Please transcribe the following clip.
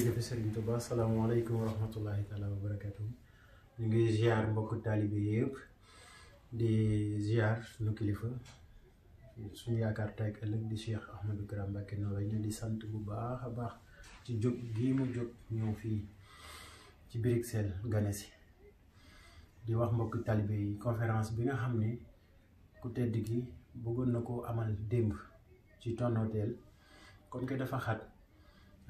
jërëjëf sëriñ Touba salaamaaleykum wa rahmatullahi taala wa barakatuh ñu ngi ziar mbokku taalibe yëpp di ziar suñu kilifa suñu yaakaar tey ak di Cheikh Ahmadou Kara Mbacké Noreyni di sant bu baax a baax ci jóg gii mu jóg ñëw fii ci Bruxelles gane si di wax mbokku taalibe yi conférence bi nga xam ku tedd gi bëggoon na amal démb ci ton hôtel comme que dafa xat